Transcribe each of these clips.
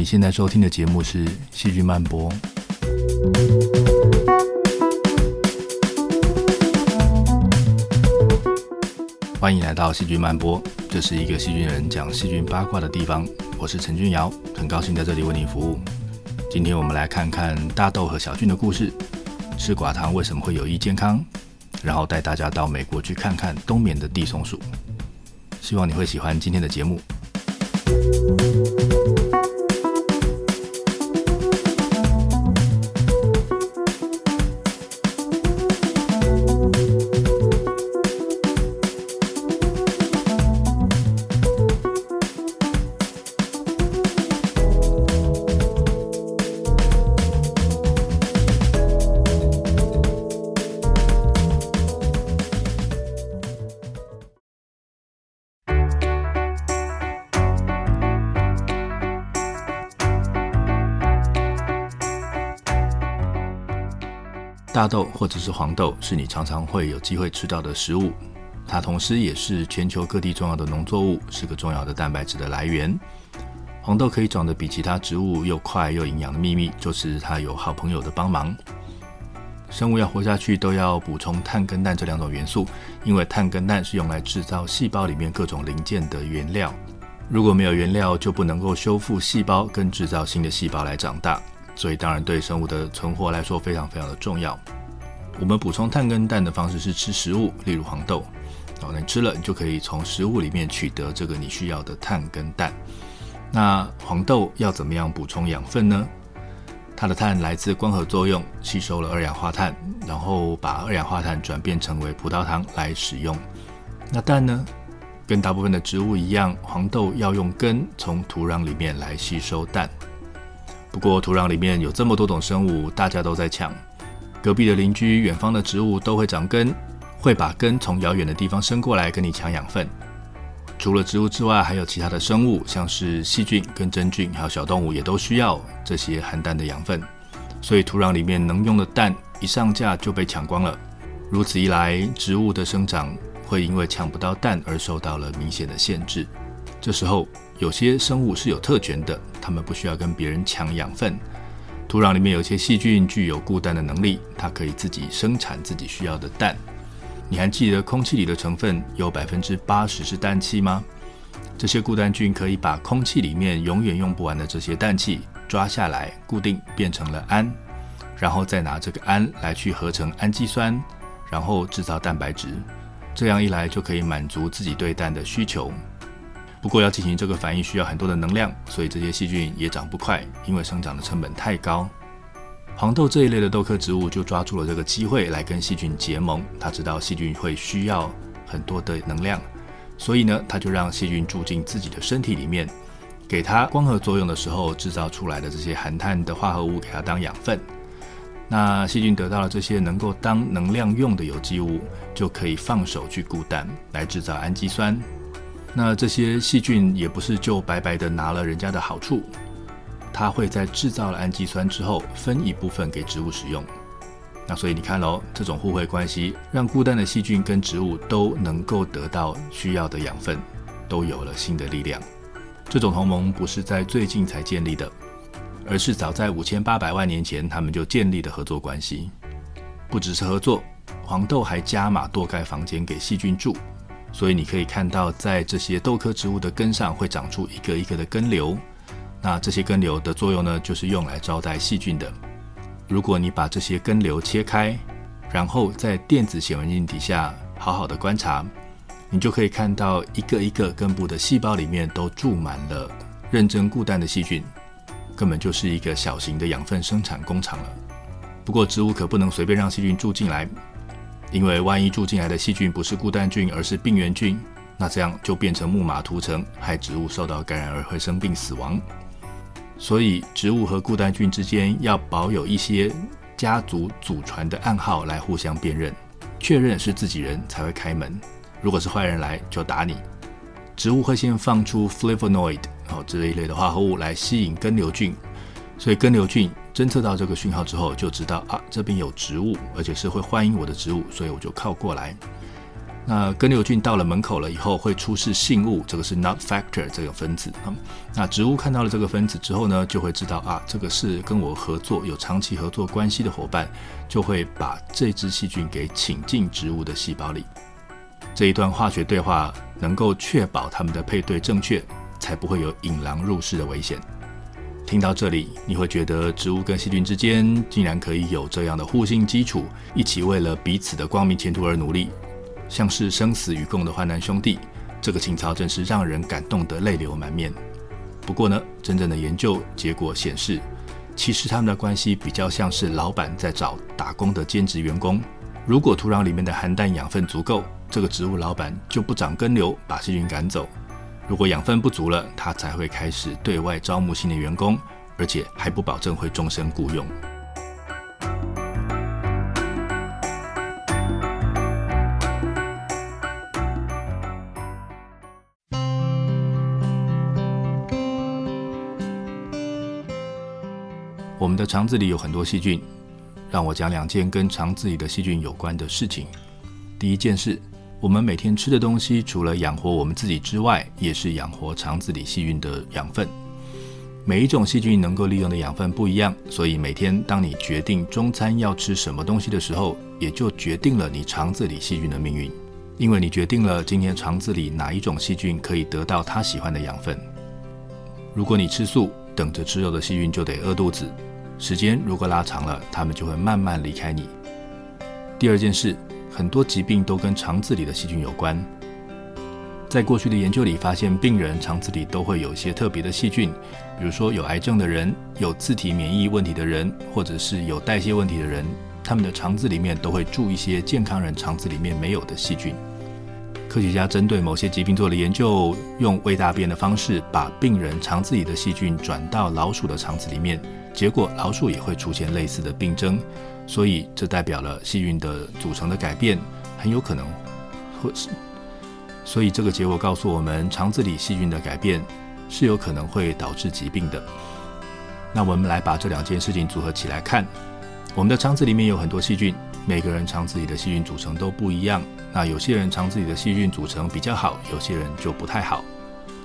你現在收聽的節目是《細菌曼波》，歡迎來到《細菌曼波》，這是一個細菌人講細菌八卦的地方。我是陳俊堯，很高興在這裡為你服務。今天我們來看看大豆和小菌的故事，吃寡糖為什麼會有益健康，然後帶大家到美國去看看冬眠的地松鼠。希望你會喜歡今天的節目。大豆，或者是黃豆，是你常常會有機會吃到的食物，它同時也是全球各地重要的農作物，是個重要的蛋白質的來源。黃豆可以長得比其他植物又快又營養的秘密，就是它有好朋友的幫忙。生物要活下去都要補充碳跟氮這兩種元素，因為碳跟氮是用來制造細胞裡面各種零件的原料。如果沒有原料，就不能夠修復細胞跟制造新的細胞來長大。所以當然對生物的存活來說非常非常的重要。我們補充碳跟氮的方式是吃食物，例如黃豆。然後，哦，你吃了，你就可以從食物裡面取得這個你需要的碳跟氮。那黃豆要怎麼樣補充養分呢？它的碳來自光合作用，吸收了二氧化碳，然後把二氧化碳轉變成為葡萄糖來使用。那氮呢？跟大部分的植物一樣，黃豆要用根從土壤裡面來吸收氮。不過，土壤裡面有這麼多種生物，大家都在搶。隔壁的鄰居、遠方的植物都會長根，會把根從遙遠的地方伸過來跟你搶養分。除了植物之外，還有其他的生物，像是細菌跟真菌，還有小動物，也都需要這些含氮的養分。所以，土壤裡面能用的氮一上架就被搶光了。如此一來，植物的生長會因為搶不到氮而受到了明顯的限制。這時候，有些生物是有特權的，它們不需要跟別人搶養分。土壤裡面有些細菌具有固氮的能力，它可以自己生產自己需要的氮。你還記得空氣裡的成分有百分之八十是氮氣嗎？這些固氮菌可以把空氣裡面永遠用不完的這些氮氣抓下來，固定變成了氨，然後再拿這個氨來去合成氨基酸，然後製造蛋白質。這樣一來就可以滿足自己對氮的需求。不過要進行這個反應需要很多的能量，所以這些細菌也長不快，因為生長的成本太高。黃豆這一類的豆科植物就抓住了這個機會來跟細菌結盟。它知道細菌會需要很多的能量，所以呢，它就讓細菌住進自己的身體裡面，給它光合作用的時候制造出來的這些含碳的化合物給它當養分。那細菌得到了這些能夠當能量用的有機物，就可以放手去固氮來制造氨基酸。那這些細菌也不是就白白的拿了人家的好處，它會在制造了氨基酸之後，分一部分給植物使用。那所以你看嘍，這種互惠關係讓固氮的細菌跟植物都能夠得到需要的養分，都有了新的力量。這種同盟不是在最近才建立的，而是早在五千八百萬年前他們就建立的合作關係。不只是合作，黃豆還加碼多蓋房間給細菌住。所以你可以看到，在這些豆科植物的根上會長出一個一個的根瘤。那這些根瘤的作用呢，就是用來招待細菌的。如果你把這些根瘤切開，然後在電子顯微鏡底下好好的觀察，你就可以看到一個一個根部的細胞裡面都住滿了認真固氮的細菌，根本就是一個小型的養分生產工廠了。不過植物可不能隨便讓細菌住進來。因為萬一住進來的細菌不是固氮菌，而是病原菌，那這樣就變成木馬屠城，害植物受到感染而會生病死亡。所以植物和固氮菌之間要保有一些家族祖傳的暗號來互相辨認，確認是自己人才會開門。如果是壞人來，就打你。植物會先放出 flavonoid 哦這一類的化合物來吸引根瘤菌，所以根瘤菌。偵測到這個訊號之後，就知道啊，這邊有植物，而且是會歡迎我的植物，所以我就靠過來。那根瘤菌到了門口了以後，會出示信物，這個是 Nod factor 這個分子。那植物看到了這個分子之後呢，就會知道啊，這個是跟我合作、有長期合作關係的夥伴，就會把這支細菌給請進植物的細胞裡。這一段化學對話能夠確保他們的配對正確，才不會有引狼入室的危險。聽到這裡，你會覺得植物跟細菌之間竟然可以有這樣的互信基礎，一起為了彼此的光明前途而努力，像是生死與共的患難兄弟。這個情操真是讓人感動得淚流滿面。不過呢，真正的研究結果顯示，其實他們的關係比較像是老板在找打工的兼職員工。如果土壤裡面的含氮養分足夠，這個植物老板就不長根瘤，把細菌趕走。如果養分不足了，它才會開始對外招募新的員工，而且還不保證會終身僱用。我們的腸子裡有很多細菌，讓我講兩件跟腸子裡的細菌有關的事情。第一件事。我們每天吃的東西，除了養活我們自己之外，也是養活腸子裡細菌的養分。每一種細菌能夠利用的養分不一樣，所以每天當你決定中餐要吃什麼東西的時候，也就決定了你腸子裡細菌的命運。因為你決定了今天腸子裡哪一種細菌可以得到它喜歡的養分。如果你吃素，等着吃肉的細菌就得餓肚子。時間如果拉長了，它們就會慢慢離開你。第二件事。很多疾病都跟腸子裡的細菌有關。在過去的研究裡發現病人腸子裡都會有一些特別的細菌，比如說有癌症的人、有自體免疫問題的人，或者是有代謝問題的人，他們的腸子裡面都會住一些健康人腸子裡面沒有的細菌。科學家針對某些疾病做了研究，用餵大便的方式把病人腸子裡的細菌轉到老鼠的腸子裡面，結果老鼠也會出現類似的病症，所以這代表了細菌的組成的改變很有可能會是，所以這個結果告訴我們，腸子裡細菌的改變是有可能會導致疾病的。那我們來把這兩件事情組合起來看，我們的腸子裡面有很多細菌。每個人腸子裡的細菌組成都不一樣，那有些人腸子裡的細菌組成比較好，有些人就不太好。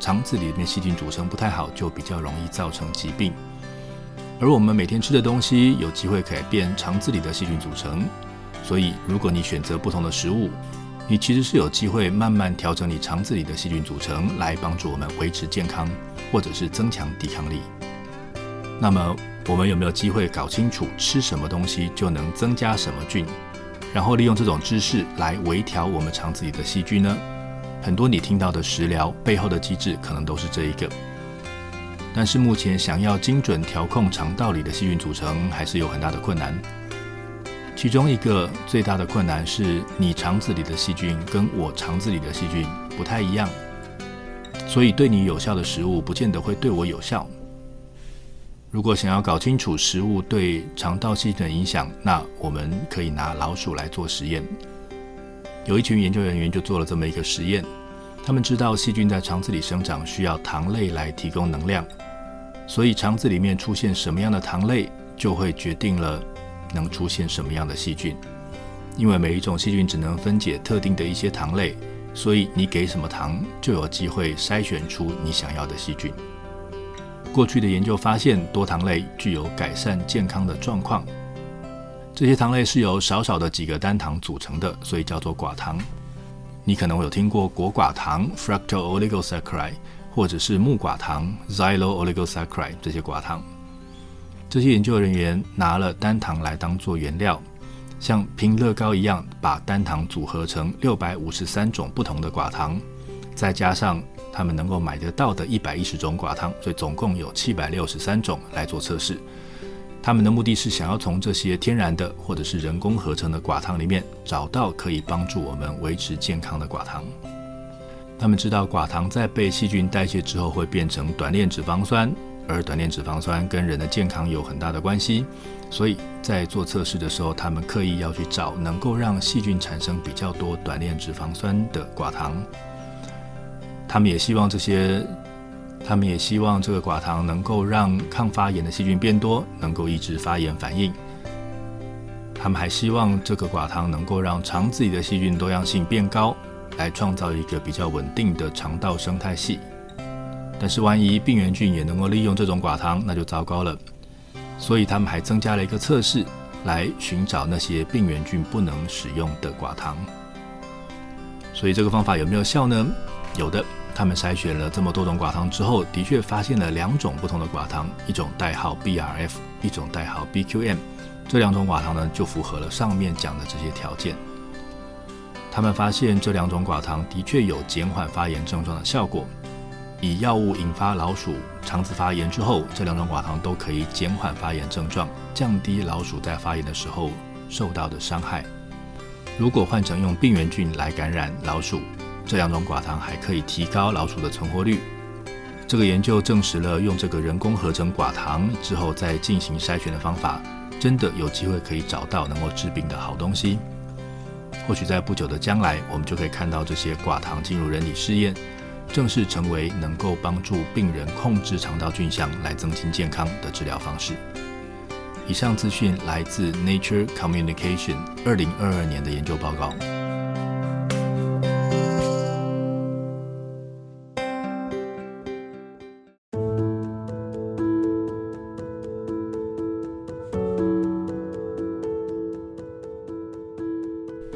腸子裡面細菌組成不太好，就比較容易造成疾病。而我們每天吃的東西有機會改變腸子裡的細菌組成，所以如果你選擇不同的食物，你其實是有機會慢慢調整你腸子裡的細菌組成，來幫助我們維持健康，或者是增強抵抗力。那麼，我們有沒有機會搞清楚吃什麼東西，就能增加什麼菌，然後利用這種知識來微調我們腸子裡的細菌呢？很多你聽到的食療背後的機制可能都是這一個。但是目前想要精準調控腸道裡的細菌組成，還是有很大的困難。其中一個最大的困難是你腸子裡的細菌跟我腸子裡的細菌不太一樣，所以對你有效的食物，不見得會對我有效。如果想要搞清楚食物對腸道細菌的影響，那我們可以拿老鼠來做實驗。有一群研究人員就做了這麼一個實驗。他們知道細菌在腸子裡生長需要糖類來提供能量，所以腸子裡面出現什麼樣的糖類，就會決定了能出現什麼樣的細菌。因為每一種細菌只能分解特定的一些糖類，所以你給什麼糖，就有機會篩選出你想要的細菌。過去的研究發現，多糖類具有改善健康的狀況。這些糖類是由少少的幾個單糖組成的，所以叫做寡糖。你可能有聽過果寡糖 fructo oligosaccharide） 或者是木寡糖 xylo oligosaccharide） 這些寡糖。這些研究人員拿了單糖來當做原料，像拼樂高一樣，把單糖組合成六百五十三種不同的寡糖，再加上，他們能夠買得到的一百一十種寡糖，所以總共有七百六十三種來做測試。他們的目的是想要從這些天然的或者是人工合成的寡糖裡面，找到可以幫助我們維持健康的寡糖。他們知道寡糖在被細菌代謝之後會變成短鏈脂肪酸，而短鏈脂肪酸跟人的健康有很大的關係，所以在做測試的時候，他們刻意要去找能夠讓細菌產生比較多短鏈脂肪酸的寡糖。他們也希望這些，他們也希望這個寡糖能夠讓抗發炎的細菌變多，能夠抑制發炎反應。他們還希望這個寡糖能夠讓腸子裡的細菌多樣性變高，來創造一個比較穩定的腸道生態系。但是，萬一病原菌也能夠利用這種寡糖，那就糟糕了。所以，他們還增加了一個測試，來尋找那些病原菌不能使用的寡糖。所以，這個方法有沒有效呢？有的。他們篩選了這麼多種寡糖之後，的確發現了兩種不同的寡糖，一種代號 BRF，一種代號 BQM。這兩種寡糖呢，就符合了上面講的這些條件。他們發現這兩種寡糖的確有減緩發炎症狀的效果。以藥物引發老鼠腸子發炎之後，這兩種寡糖都可以減緩發炎症狀，降低老鼠在發炎的時候受到的傷害。如果換成用病原菌來感染老鼠，這兩種寡糖還可以提高老鼠的存活率。這個研究證實了用這個人工合成寡糖之後再進行篩選的方法，真的有機會可以找到能夠治病的好東西。或許在不久的將來，我們就可以看到這些寡糖進入人體試驗，正式成為能夠幫助病人控制腸道菌相來增進健康的治療方式。以上資訊來自《Nature Communication》二零二二年的研究報告。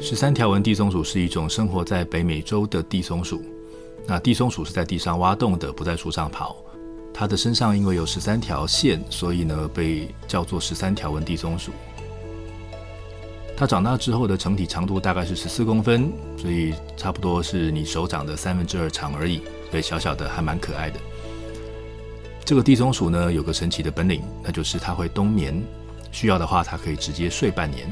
十三條紋地松鼠是一種生活在北美洲的地松鼠。那地松鼠是在地上挖洞的，不在樹上跑。它的身上因為有十三條線，所以呢被叫做十三條紋地松鼠。它長大之後的整體長度大概是十四公分，所以差不多是你手掌的三分之二長而已。所以小小的還蠻可愛的。這個地松鼠呢，有個神奇的本領，那就是它會冬眠。需要的話，它可以直接睡半年。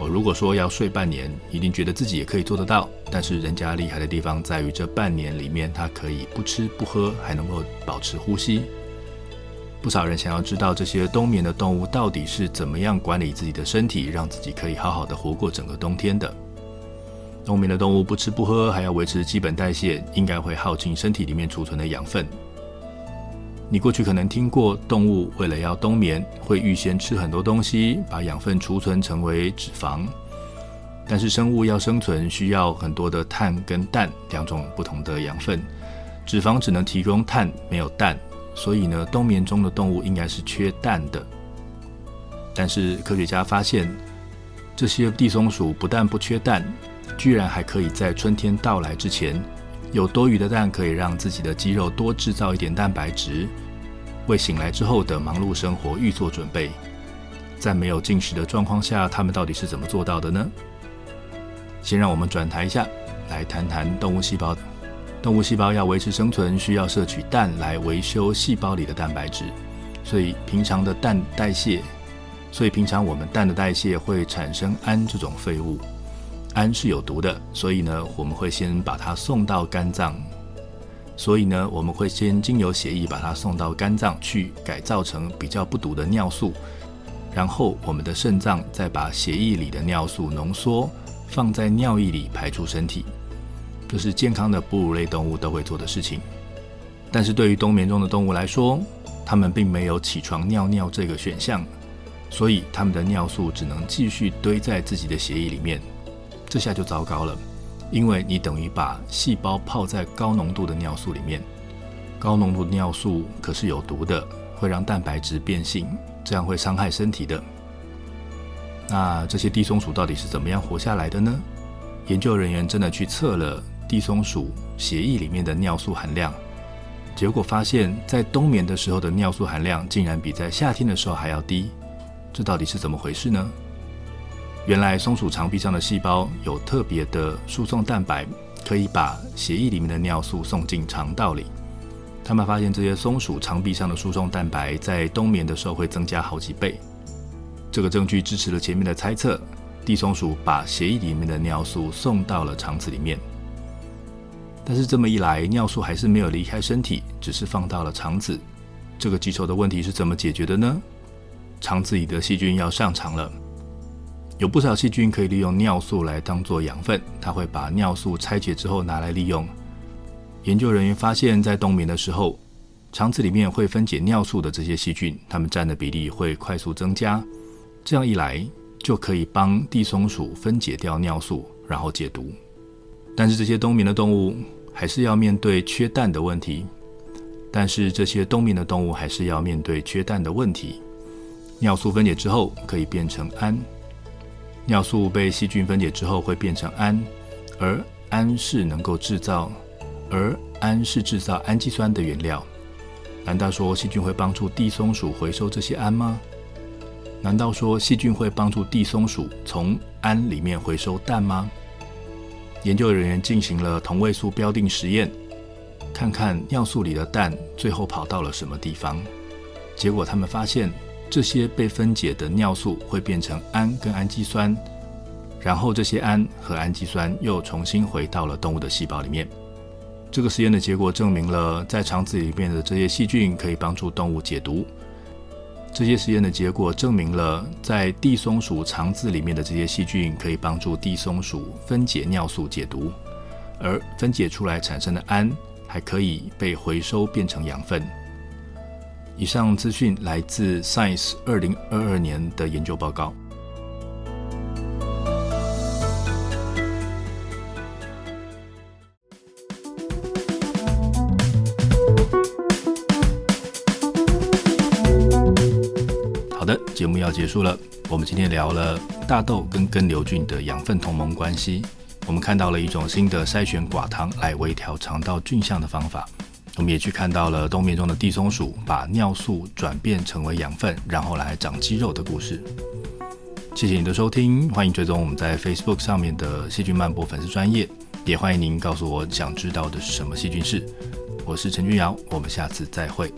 我如果說要睡半年，一定覺得自己也可以做得到。但是人家厲害的地方在於，這半年裡面，它可以不吃不喝，還能夠保持呼吸。不少人想要知道這些冬眠的動物到底是怎麼樣管理自己的身體，讓自己可以好好的活過整個冬天的。冬眠的動物不吃不喝，還要維持基本代謝，應該會耗盡身體裡面儲存的養分。你過去可能聽過，動物為了要冬眠，會預先吃很多東西，把養分儲存成為脂肪。但是生物要生存，需要很多的碳跟氮兩種不同的養分，脂肪只能提供碳，沒有氮。所以呢，冬眠中的動物應該是缺氮的。但是科學家發現，這些地松鼠不但不缺氮，居然還可以在春天到來之前，有多餘的氮，可以讓自己的肌肉多製造一點蛋白質，為醒來之後的忙碌生活預做準備。在沒有進食的狀況下，它們到底是怎麼做到的呢？先讓我們轉台一下，來談談動物細胞。動物細胞要維持生存，需要攝取氮來維修細胞裡的蛋白質，所以平常的氮代謝，所以平常我們氮的代謝會產生氨這種廢物。氨是有毒的，所以呢，我們會先把它送到肝臟，所以呢，我們會先經由血液把它送到肝臟去改造成比較不毒的尿素，然後我們的腎臟再把血液裡的尿素濃縮，放在尿液裡排出身體，這、就是健康的哺乳類動物都會做的事情。但是對於冬眠中的動物來說，它們並沒有起床尿尿這個選項，所以它們的尿素只能繼續堆在自己的血液裡面。這下就糟糕了，因為你等於把細胞泡在高濃度的尿素裡面。高濃度尿素可是有毒的，會讓蛋白質變性，這樣會傷害身體的。那這些地松鼠到底是怎麼樣活下來的呢？研究人員真的去測了地松鼠血液裡面的尿素含量，結果發現，在冬眠的時候的尿素含量竟然比在夏天的時候還要低。這到底是怎麼回事呢？原來松鼠腸壁上的細胞有特別的輸送蛋白，可以把血液裡面的尿素送進腸道裡。他們發現這些松鼠腸壁上的輸送蛋白在冬眠的時候會增加好幾倍。這個證據支持了前面的猜測：地松鼠把血液裡面的尿素送到了腸子裡面。但是這麼一來，尿素還是沒有離開身體，只是放到了腸子。這個棘手的問題是怎麼解決的呢？腸子裡的細菌要上場了。有不少細菌可以利用尿素來當做養分，它會把尿素拆解之後拿來利用。研究人員發現，在冬眠的時候，腸子裡面會分解尿素的這些細菌，它們佔的比例會快速增加。這樣一來，就可以幫地松鼠分解掉尿素，然後解毒。但是這些冬眠的動物還是要面對缺氮的問題。但是這些冬眠的動物還是要面對缺氮的問題。尿素分解之後可以變成氨。尿素被細菌分解之後會變成氨，而氨是能夠製造，而氨是製造氨基酸的原料。難道說細菌會幫助地松鼠回收這些氨嗎？難道說細菌會幫助地松鼠從氨裡面回收氮嗎？研究人員進行了同位素標定實驗，看看尿素裡的氮最後跑到了什麼地方。結果他們發現，這些被分解的尿素會變成氨跟氨基酸，然後這些氨和氨基酸又重新回到了動物的細胞裡面。這個實驗的結果證明了，在腸子裡面的這些細菌可以幫助動物解毒。這些實驗的結果證明了，在地松鼠腸子裡面的這些細菌可以幫助地松鼠分解尿素解毒，而分解出來產生的氨還可以被回收變成養分。以上資訊來自 Science 二零二二年的研究報告。好的，節目要結束了。我們今天聊了大豆跟根瘤菌的養分同盟關係，我們看到了一種新的篩選寡糖來微調腸道菌相的方法。我們也去看到了冬眠中的地松鼠把尿素轉變成為養分，然後來長肌肉的故事。謝謝你的收聽，歡迎追蹤我們在 Facebook 上面的細菌曼波粉絲專頁，也歡迎您告訴我想知道的是什麼細菌事，我是陳君堯，我們下次再會。